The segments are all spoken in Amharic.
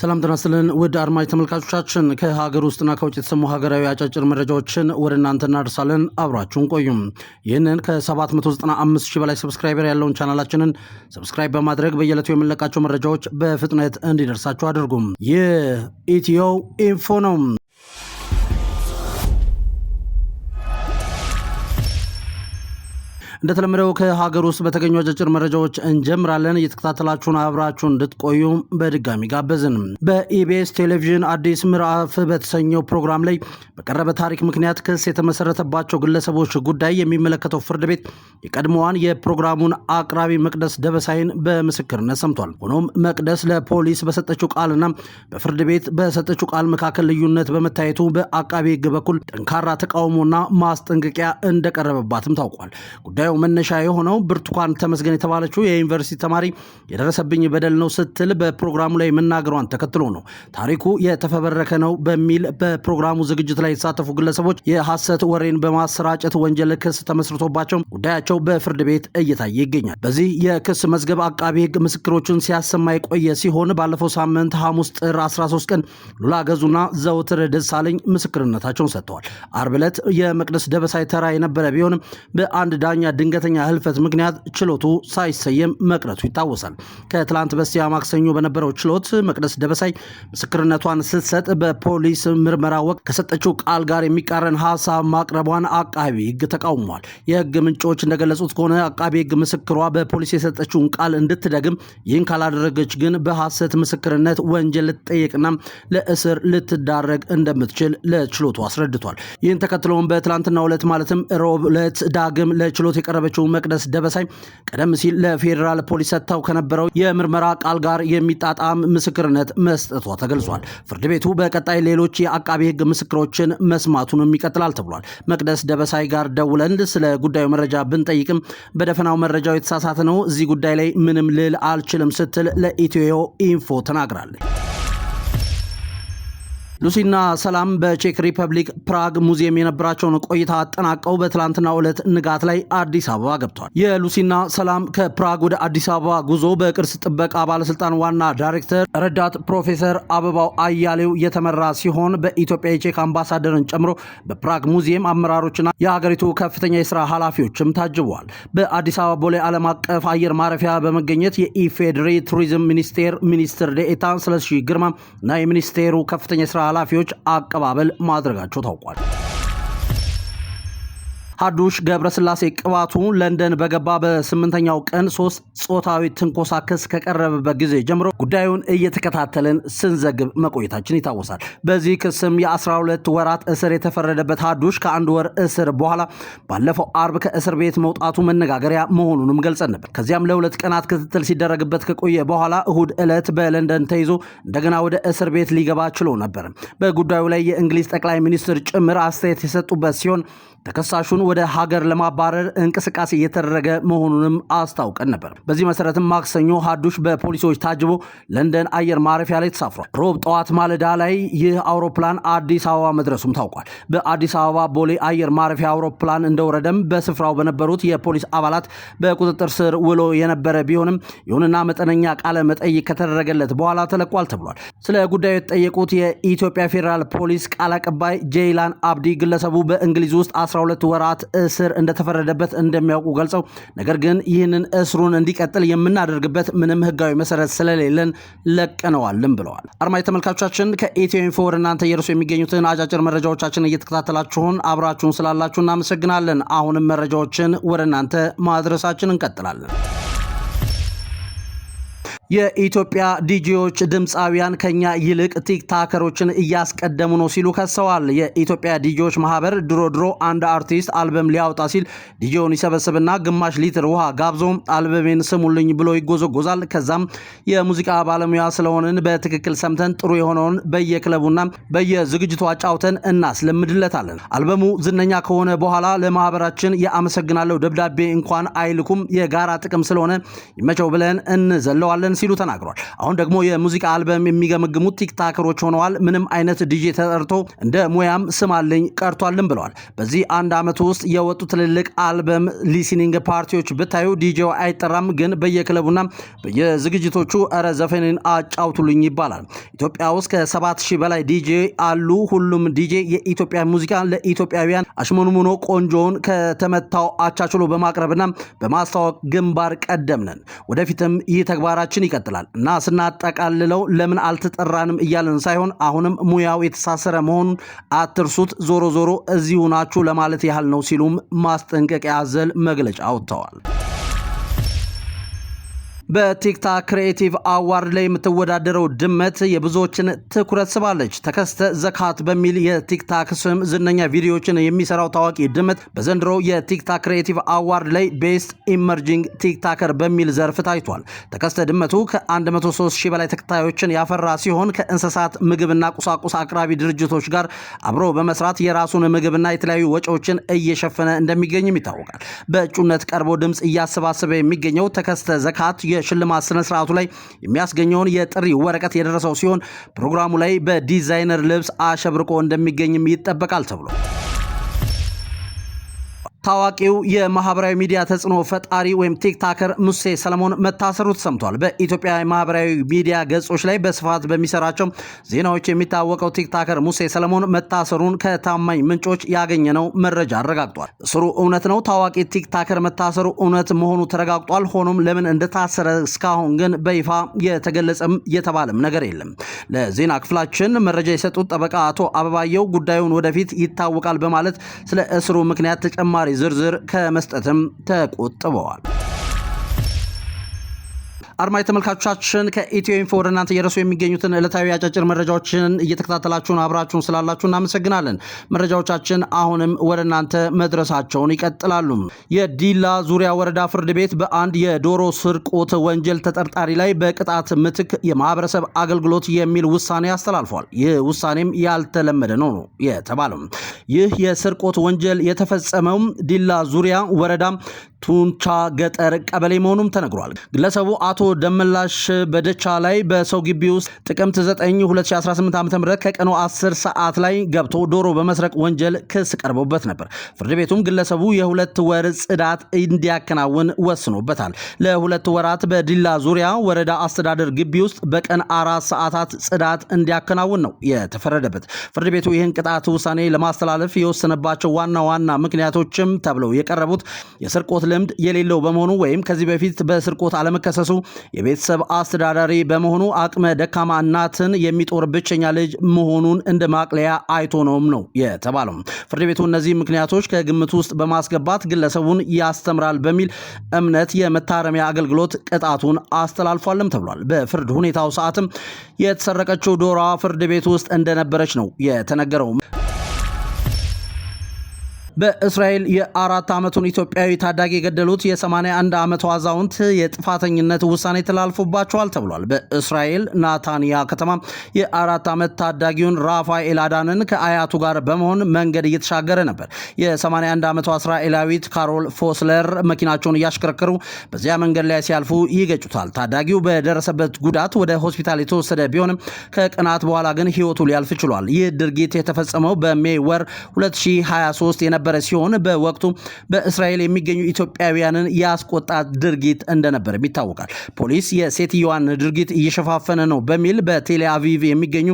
ሰላም ጤና ይስጥልን ውድ አድማጭ ተመልካቾቻችን፣ ከሀገር ውስጥና ከውጭ የተሰሙ ሀገራዊ አጫጭር መረጃዎችን ወደ እናንተ እናደርሳለን። አብራችሁን ቆዩም። ይህንን ከ795 ሺህ በላይ ሰብስክራይበር ያለውን ቻናላችንን ሰብስክራይብ በማድረግ በየዕለቱ የምንለቃቸው መረጃዎች በፍጥነት እንዲደርሳችሁ አድርጉም። ይህ ኢትዮ ኢንፎ ነው። እንደተለመደው ከሀገር ውስጥ በተገኙ አጫጭር መረጃዎች እንጀምራለን። እየተከታተላችሁን አብራችሁ እንድትቆዩ በድጋሚ ጋበዝን። በኢቢኤስ ቴሌቪዥን አዲስ ምዕራፍ በተሰኘው ፕሮግራም ላይ በቀረበ ታሪክ ምክንያት ክስ የተመሰረተባቸው ግለሰቦች ጉዳይ የሚመለከተው ፍርድ ቤት የቀድሞዋን የፕሮግራሙን አቅራቢ መቅደስ ደበሳይን በምስክርነት ሰምቷል። ሆኖም መቅደስ ለፖሊስ በሰጠችው ቃልና በፍርድ ቤት በሰጠችው ቃል መካከል ልዩነት በመታየቱ በአቃቢ ሕግ በኩል ጠንካራ ተቃውሞና ማስጠንቀቂያ እንደቀረበባትም ታውቋል። ጉዳዩ የመረጃው መነሻ የሆነው ብርቱካን ተመስገን የተባለችው የዩኒቨርሲቲ ተማሪ የደረሰብኝ በደል ነው ስትል በፕሮግራሙ ላይ መናገሯን ተከትሎ ነው። ታሪኩ የተፈበረከ ነው በሚል በፕሮግራሙ ዝግጅት ላይ የተሳተፉ ግለሰቦች የሐሰት ወሬን በማሰራጨት ወንጀል ክስ ተመስርቶባቸው ጉዳያቸው በፍርድ ቤት እየታየ ይገኛል። በዚህ የክስ መዝገብ አቃቢ ሕግ ምስክሮቹን ሲያሰማ የቆየ ሲሆን ባለፈው ሳምንት ሐሙስ ጥር 13 ቀን ሉላ ገዙና ዘውትር ደሳለኝ ምስክርነታቸውን ሰጥተዋል። አርብ ዕለት የመቅደስ ደበሳይ ተራ የነበረ ቢሆንም በአንድ ዳኛ በድንገተኛ ህልፈት ምክንያት ችሎቱ ሳይሰየም መቅረቱ ይታወሳል። ከትላንት በስቲያ ማክሰኞ በነበረው ችሎት መቅደስ ደበሳይ ምስክርነቷን ስትሰጥ በፖሊስ ምርመራ ወቅት ከሰጠችው ቃል ጋር የሚቃረን ሀሳብ ማቅረቧን አቃቢ ህግ ተቃውሟል። የህግ ምንጮች እንደገለጹት ከሆነ አቃቢ ህግ ምስክሯ በፖሊስ የሰጠችውን ቃል እንድትደግም፣ ይህን ካላደረገች ግን በሐሰት ምስክርነት ወንጀል ልትጠየቅና ለእስር ልትዳረግ እንደምትችል ለችሎቱ አስረድቷል። ይህን ተከትሎም በትላንትና ዕለት ማለትም ሮብ ዕለት ዳግም ለችሎት የቀረበችው መቅደስ ደበሳይ ቀደም ሲል ለፌዴራል ፖሊስ ሰጥተው ከነበረው የምርመራ ቃል ጋር የሚጣጣም ምስክርነት መስጠቷ ተገልጿል። ፍርድ ቤቱ በቀጣይ ሌሎች የአቃቢ ሕግ ምስክሮችን መስማቱንም ይቀጥላል ተብሏል። መቅደስ ደበሳይ ጋር ደውለን ስለ ጉዳዩ መረጃ ብንጠይቅም በደፈናው መረጃው የተሳሳተ ነው፣ እዚህ ጉዳይ ላይ ምንም ልል አልችልም ስትል ለኢትዮ ኢንፎ ተናግራለች። ሉሲና ሰላም በቼክ ሪፐብሊክ ፕራግ ሙዚየም የነበራቸውን ቆይታ አጠናቀው በትላንትናው ዕለት ንጋት ላይ አዲስ አበባ ገብቷል። የሉሲና ሰላም ከፕራግ ወደ አዲስ አበባ ጉዞ በቅርስ ጥበቃ ባለስልጣን ዋና ዳይሬክተር ረዳት ፕሮፌሰር አበባው አያሌው የተመራ ሲሆን በኢትዮጵያ የቼክ አምባሳደርን ጨምሮ በፕራግ ሙዚየም አመራሮችና የሀገሪቱ ከፍተኛ የስራ ኃላፊዎችም ታጅበዋል። በአዲስ አበባ ቦሌ ዓለም አቀፍ አየር ማረፊያ በመገኘት የኢፌዴሪ ቱሪዝም ሚኒስቴር ሚኒስትር ደኤታ ስለሺ ግርማ እና የሚኒስቴሩ ከፍተኛ የስራ ኃላፊዎች አቀባበል ማድረጋቸው ታውቋል። ሀዱሽ ገብረስላሴ ቅባቱ ለንደን በገባ በስምንተኛው ቀን ሶስት ጾታዊ ትንኮሳ ክስ ከቀረበበት ጊዜ ጀምሮ ጉዳዩን እየተከታተልን ስንዘግብ መቆየታችን ይታወሳል። በዚህ ክስም የ12 ወራት እስር የተፈረደበት ሀዱሽ ከአንድ ወር እስር በኋላ ባለፈው አርብ ከእስር ቤት መውጣቱ መነጋገሪያ መሆኑንም ገልጸን ነበር። ከዚያም ለሁለት ቀናት ክትትል ሲደረግበት ከቆየ በኋላ እሁድ ዕለት በለንደን ተይዞ እንደገና ወደ እስር ቤት ሊገባ ችሎ ነበር። በጉዳዩ ላይ የእንግሊዝ ጠቅላይ ሚኒስትር ጭምር አስተያየት የሰጡበት ሲሆን ተከሳሹን ወደ ሀገር ለማባረር እንቅስቃሴ እየተደረገ መሆኑንም አስታውቀን ነበር። በዚህ መሰረትም ማክሰኞ ሀዱሽ በፖሊሶች ታጅቦ ለንደን አየር ማረፊያ ላይ ተሳፍሯል። ሮብ ጠዋት ማለዳ ላይ ይህ አውሮፕላን አዲስ አበባ መድረሱም ታውቋል። በአዲስ አበባ ቦሌ አየር ማረፊያ አውሮፕላን እንደወረደም በስፍራው በነበሩት የፖሊስ አባላት በቁጥጥር ስር ውሎ የነበረ ቢሆንም ይሁንና መጠነኛ ቃለ መጠይቅ ከተደረገለት በኋላ ተለቋል ተብሏል። ስለ ጉዳዩ የተጠየቁት የኢትዮጵያ ፌዴራል ፖሊስ ቃል አቀባይ ጄይላን አብዲ ግለሰቡ በእንግሊዝ ውስጥ 12 ወራት ወራት እስር እንደተፈረደበት እንደሚያውቁ ገልጸው ነገር ግን ይህንን እስሩን እንዲቀጥል የምናደርግበት ምንም ህጋዊ መሰረት ስለሌለን ለቀነዋልም ብለዋል። አርማ የተመልካቾቻችን ከኢትዮ ኢንፎ ወደ እናንተ እየደርሱ የሚገኙትን አጫጭር መረጃዎቻችን እየተከታተላችሁን አብራችሁን ስላላችሁ እናመሰግናለን። አሁንም መረጃዎችን ወደ እናንተ ማድረሳችን እንቀጥላለን። የኢትዮጵያ ዲጂዎች ድምፃውያን ከኛ ይልቅ ቲክታከሮችን እያስቀደሙ ነው ሲሉ ከሰዋል። የኢትዮጵያ ዲጂዎች ማህበር ድሮ ድሮ አንድ አርቲስት አልበም ሊያወጣ ሲል ዲጂውን ይሰበስብና ግማሽ ሊትር ውሃ ጋብዞ አልበሜን ስሙልኝ ብሎ ይጎዘጎዛል። ከዛም የሙዚቃ ባለሙያ ስለሆንን በትክክል ሰምተን ጥሩ የሆነውን በየክለቡና በየዝግጅቱ አጫውተን እናስለምድለታለን። አልበሙ ዝነኛ ከሆነ በኋላ ለማህበራችን የአመሰግናለሁ ደብዳቤ እንኳን አይልኩም፣ የጋራ ጥቅም ስለሆነ ይመቸው ብለን እንዘለዋለን ሲሉ ተናግሯል። አሁን ደግሞ የሙዚቃ አልበም የሚገመግሙት ቲክታከሮች ሆነዋል። ምንም አይነት ዲጄ ተጠርቶ እንደ ሙያም ስም አለኝ ቀርቷልም ብለዋል። በዚህ አንድ ዓመት ውስጥ የወጡ ትልልቅ አልበም ሊሲኒንግ ፓርቲዎች ብታዩ ዲጄው አይጠራም፣ ግን በየክለቡና በየዝግጅቶቹ እረ ዘፈንን አጫውቱልኝ ይባላል። ኢትዮጵያ ውስጥ ከሰባት ሺህ በላይ ዲጄ አሉ። ሁሉም ዲጄ የኢትዮጵያ ሙዚቃ ለኢትዮጵያውያን አሽመንሙኖ ቆንጆውን ከተመታው አቻችሎ በማቅረብና በማስተዋወቅ ግንባር ቀደም ነን። ወደፊትም ይህ ተግባራችን ይቀጥላል እና ስናጠቃልለው ለምን አልተጠራንም እያለን ሳይሆን አሁንም ሙያው የተሳሰረ መሆኑን አትርሱት፣ ዞሮ ዞሮ እዚሁ ናችሁ ለማለት ያህል ነው ሲሉም ማስጠንቀቂያ አዘል መግለጫ አውጥተዋል። በቲክታክ ክሬኤቲቭ አዋርድ ላይ የምትወዳደረው ድመት የብዙዎችን ትኩረት ስባለች። ተከስተ ዘካት በሚል የቲክታክ ስም ዝነኛ ቪዲዮዎችን የሚሰራው ታዋቂ ድመት በዘንድሮ የቲክታክ ክሬኤቲቭ አዋርድ ላይ ቤስት ኢመርጂንግ ቲክታከር በሚል ዘርፍ ታይቷል። ተከስተ ድመቱ ከ103 ሺህ በላይ ተከታዮችን ያፈራ ሲሆን ከእንስሳት ምግብና ቁሳቁስ አቅራቢ ድርጅቶች ጋር አብሮ በመስራት የራሱን ምግብና የተለያዩ ወጪዎችን እየሸፈነ እንደሚገኝም ይታወቃል። በእጩነት ቀርቦ ድምፅ እያሰባሰበ የሚገኘው ተከስተ ዘካት የሽልማት ስነ ስርዓቱ ላይ የሚያስገኘውን የጥሪ ወረቀት የደረሰው ሲሆን ፕሮግራሙ ላይ በዲዛይነር ልብስ አሸብርቆ እንደሚገኝም ይጠበቃል ተብሎ ታዋቂው የማህበራዊ ሚዲያ ተጽዕኖ ፈጣሪ ወይም ቲክታከር ሙሴ ሰለሞን መታሰሩ ተሰምቷል። በኢትዮጵያ የማህበራዊ ሚዲያ ገጾች ላይ በስፋት በሚሰራቸው ዜናዎች የሚታወቀው ቲክታከር ሙሴ ሰለሞን መታሰሩን ከታማኝ ምንጮች ያገኘነው መረጃ አረጋግጧል። እስሩ እውነት ነው። ታዋቂ ቲክታከር መታሰሩ እውነት መሆኑ ተረጋግጧል። ሆኖም ለምን እንደታሰረ እስካሁን ግን በይፋ የተገለጸም የተባለም ነገር የለም። ለዜና ክፍላችን መረጃ የሰጡት ጠበቃ አቶ አበባየው ጉዳዩን ወደፊት ይታወቃል በማለት ስለ እስሩ ምክንያት ተጨማሪ ዝርዝር ከመስጠትም ተቆጥበዋል። አርማ ተመልካቾቻችን ከኢትዮ ኢንፎ ወደ እናንተ እየደረሱ የሚገኙትን ዕለታዊ አጫጭር መረጃዎችን እየተከታተላችሁን አብራችሁን ስላላችሁ እናመሰግናለን። መረጃዎቻችን አሁንም ወደ እናንተ መድረሳቸውን ይቀጥላሉ። የዲላ ዙሪያ ወረዳ ፍርድ ቤት በአንድ የዶሮ ስርቆት ወንጀል ተጠርጣሪ ላይ በቅጣት ምትክ የማህበረሰብ አገልግሎት የሚል ውሳኔ አስተላልፏል። ይህ ውሳኔም ያልተለመደ ነው ነው የተባለው። ይህ የስርቆት ወንጀል የተፈጸመው ዲላ ዙሪያ ወረዳ ቱንቻ ገጠር ቀበሌ መሆኑም ተነግሯል። ግለሰቡ አቶ ደመላሽ በደቻ ላይ በሰው ግቢ ውስጥ ጥቅምት 9 2018 ም ከቀኑ 10 ሰዓት ላይ ገብቶ ዶሮ በመስረቅ ወንጀል ክስ ቀርቦበት ነበር። ፍርድ ቤቱም ግለሰቡ የሁለት ወር ጽዳት እንዲያከናውን ወስኖበታል። ለሁለት ወራት በዲላ ዙሪያ ወረዳ አስተዳደር ግቢ ውስጥ በቀን አራት ሰዓታት ጽዳት እንዲያከናውን ነው የተፈረደበት። ፍርድ ቤቱ ይህን ቅጣት ውሳኔ ለማስተላለፍ የወሰነባቸው ዋና ዋና ምክንያቶችም ተብለው የቀረቡት የስርቆት ልምድ የሌለው በመሆኑ ወይም ከዚህ በፊት በስርቆት አለመከሰሱ የቤተሰብ አስተዳዳሪ በመሆኑ አቅመ ደካማ እናትን የሚጦር ብቸኛ ልጅ መሆኑን እንደ ማቅለያ አይቶ ነውም ነው የተባለው። ፍርድ ቤቱ እነዚህ ምክንያቶች ከግምት ውስጥ በማስገባት ግለሰቡን ያስተምራል በሚል እምነት የመታረሚያ አገልግሎት ቅጣቱን አስተላልፏልም ተብሏል። በፍርድ ሁኔታው ሰዓትም የተሰረቀችው ዶሯ ፍርድ ቤት ውስጥ እንደነበረች ነው የተነገረው። በእስራኤል የአራት ዓመቱን ኢትዮጵያዊ ታዳጊ የገደሉት የ81 ዓመቱ አዛውንት የጥፋተኝነት ውሳኔ ተላልፎባቸዋል ተብሏል። በእስራኤል ናታንያ ከተማ የአራት ዓመት ታዳጊውን ራፋኤል አዳንን ከአያቱ ጋር በመሆን መንገድ እየተሻገረ ነበር። የ81 ዓመቱ እስራኤላዊት ካሮል ፎስለር መኪናቸውን እያሽከረከሩ በዚያ መንገድ ላይ ሲያልፉ ይገጩታል። ታዳጊው በደረሰበት ጉዳት ወደ ሆስፒታል የተወሰደ ቢሆንም ከቀናት በኋላ ግን ሕይወቱ ሊያልፍ ችሏል። ይህ ድርጊት የተፈጸመው በሜይ ወር 2023 የነበ የነበረ ሲሆን በወቅቱ በእስራኤል የሚገኙ ኢትዮጵያውያንን ያስቆጣ ድርጊት እንደነበር ይታወቃል። ፖሊስ የሴትዮዋን ድርጊት እየሸፋፈነ ነው በሚል በቴሌ አቪቭ የሚገኙ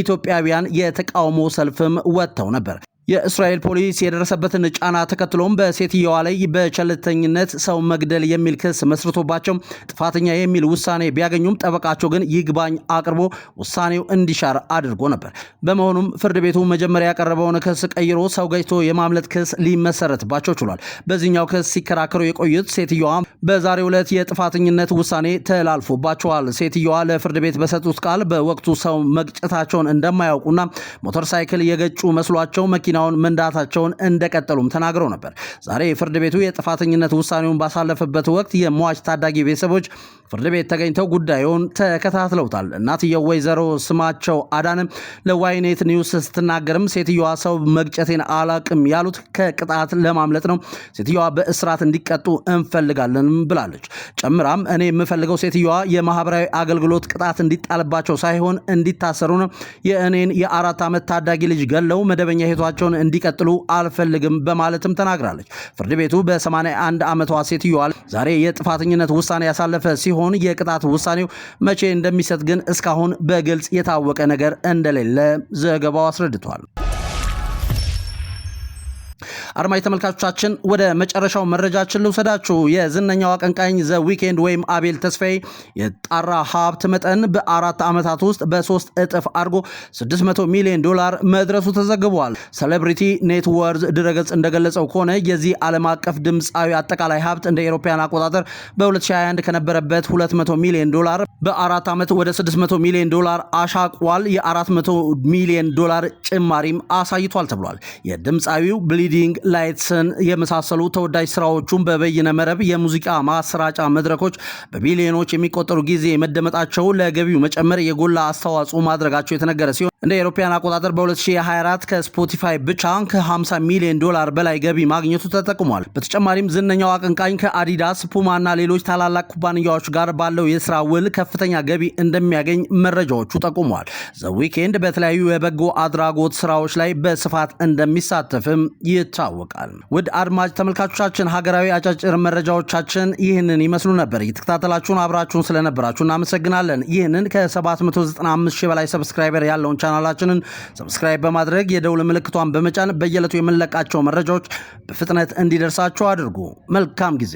ኢትዮጵያውያን የተቃውሞ ሰልፍም ወጥተው ነበር። የእስራኤል ፖሊስ የደረሰበትን ጫና ተከትሎም በሴትየዋ ላይ በቸልተኝነት ሰው መግደል የሚል ክስ መስርቶባቸው ጥፋተኛ የሚል ውሳኔ ቢያገኙም ጠበቃቸው ግን ይግባኝ አቅርቦ ውሳኔው እንዲሻር አድርጎ ነበር። በመሆኑም ፍርድ ቤቱ መጀመሪያ ያቀረበውን ክስ ቀይሮ ሰው ገጭቶ የማምለጥ ክስ ሊመሰረትባቸው ችሏል። በዚህኛው ክስ ሲከራከሩ የቆዩት ሴትየዋ በዛሬው ዕለት የጥፋተኝነት ውሳኔ ተላልፎባቸዋል። ሴትየዋ ለፍርድ ቤት በሰጡት ቃል በወቅቱ ሰው መግጨታቸውን እንደማያውቁና ሞተር ሳይክል የገጩ መስሏቸው መኪና መኪናውን መንዳታቸውን እንደቀጠሉም ተናግረው ነበር። ዛሬ ፍርድ ቤቱ የጥፋተኝነት ውሳኔውን ባሳለፈበት ወቅት የሟች ታዳጊ ቤተሰቦች ፍርድ ቤት ተገኝተው ጉዳዩን ተከታትለውታል። እናትየው ወይዘሮ ስማቸው አዳንም ለዋይኔት ኒውስ ስትናገርም ሴትዮዋ ሰው መግጨቴን አላቅም ያሉት ከቅጣት ለማምለጥ ነው፣ ሴትዮዋ በእስራት እንዲቀጡ እንፈልጋለን ብላለች። ጨምራም እኔ የምፈልገው ሴትዮዋ የማህበራዊ አገልግሎት ቅጣት እንዲጣልባቸው ሳይሆን እንዲታሰሩ ነው። የእኔን የአራት ዓመት ታዳጊ ልጅ ገለው መደበኛ ሄቷቸው ትግላቸውን እንዲቀጥሉ አልፈልግም በማለትም ተናግራለች። ፍርድ ቤቱ በ81 ዓመቷ ሴትዮዋ ዛሬ የጥፋተኝነት ውሳኔ ያሳለፈ ሲሆን የቅጣት ውሳኔው መቼ እንደሚሰጥ ግን እስካሁን በግልጽ የታወቀ ነገር እንደሌለ ዘገባው አስረድቷል። አድማጭ ተመልካቾቻችን ወደ መጨረሻው መረጃችን ልውሰዳችሁ። የዝነኛው አቀንቃኝ ዘ ዊኬንድ ወይም አቤል ተስፋዬ የጣራ ሀብት መጠን በአራት ዓመታት ውስጥ በሶስት እጥፍ አድርጎ 600 ሚሊዮን ዶላር መድረሱ ተዘግቧል። ሴሌብሪቲ ኔትወርዝ ድረገጽ እንደገለጸው ከሆነ የዚህ ዓለም አቀፍ ድምፃዊ አጠቃላይ ሀብት እንደ ኤሮፓያን አቆጣጠር በ2021 ከነበረበት 200 ሚሊዮን ዶላር በአራት ዓመት ወደ 600 ሚሊዮን ዶላር አሻቋል። የ400 ሚሊዮን ዶላር ጭማሪም አሳይቷል ተብሏል። የድምፃዊው ብሊ ብሊዲንግ ላይትስን የመሳሰሉ ተወዳጅ ስራዎቹን በበይነ መረብ የሙዚቃ ማሰራጫ መድረኮች በሚሊዮኖች የሚቆጠሩ ጊዜ መደመጣቸው ለገቢው መጨመር የጎላ አስተዋጽኦ ማድረጋቸው የተነገረ ሲሆን እንደ አውሮፓውያን አቆጣጠር በ2024 ከስፖቲፋይ ብቻ ከ50 ሚሊዮን ዶላር በላይ ገቢ ማግኘቱ ተጠቅሟል። በተጨማሪም ዝነኛው አቀንቃኝ ከአዲዳስ፣ ፑማ እና ሌሎች ታላላቅ ኩባንያዎች ጋር ባለው የስራ ውል ከፍተኛ ገቢ እንደሚያገኝ መረጃዎቹ ጠቁሟል። ዘ ዊኬንድ በተለያዩ የበጎ አድራጎት ስራዎች ላይ በስፋት እንደሚሳተፍም ይታወቃል። ውድ አድማጭ ተመልካቾቻችን ሀገራዊ አጫጭር መረጃዎቻችን ይህንን ይመስሉ ነበር። እየተከታተላችሁን አብራችሁን ስለነበራችሁ እናመሰግናለን። ይህንን ከ795 ሺህ በላይ ሰብስክራይበር ያለውን ቻናላችንን ሰብስክራይብ በማድረግ የደውል ምልክቷን በመጫን በየዕለቱ የምንለቃቸው መረጃዎች በፍጥነት እንዲደርሳችሁ አድርጉ። መልካም ጊዜ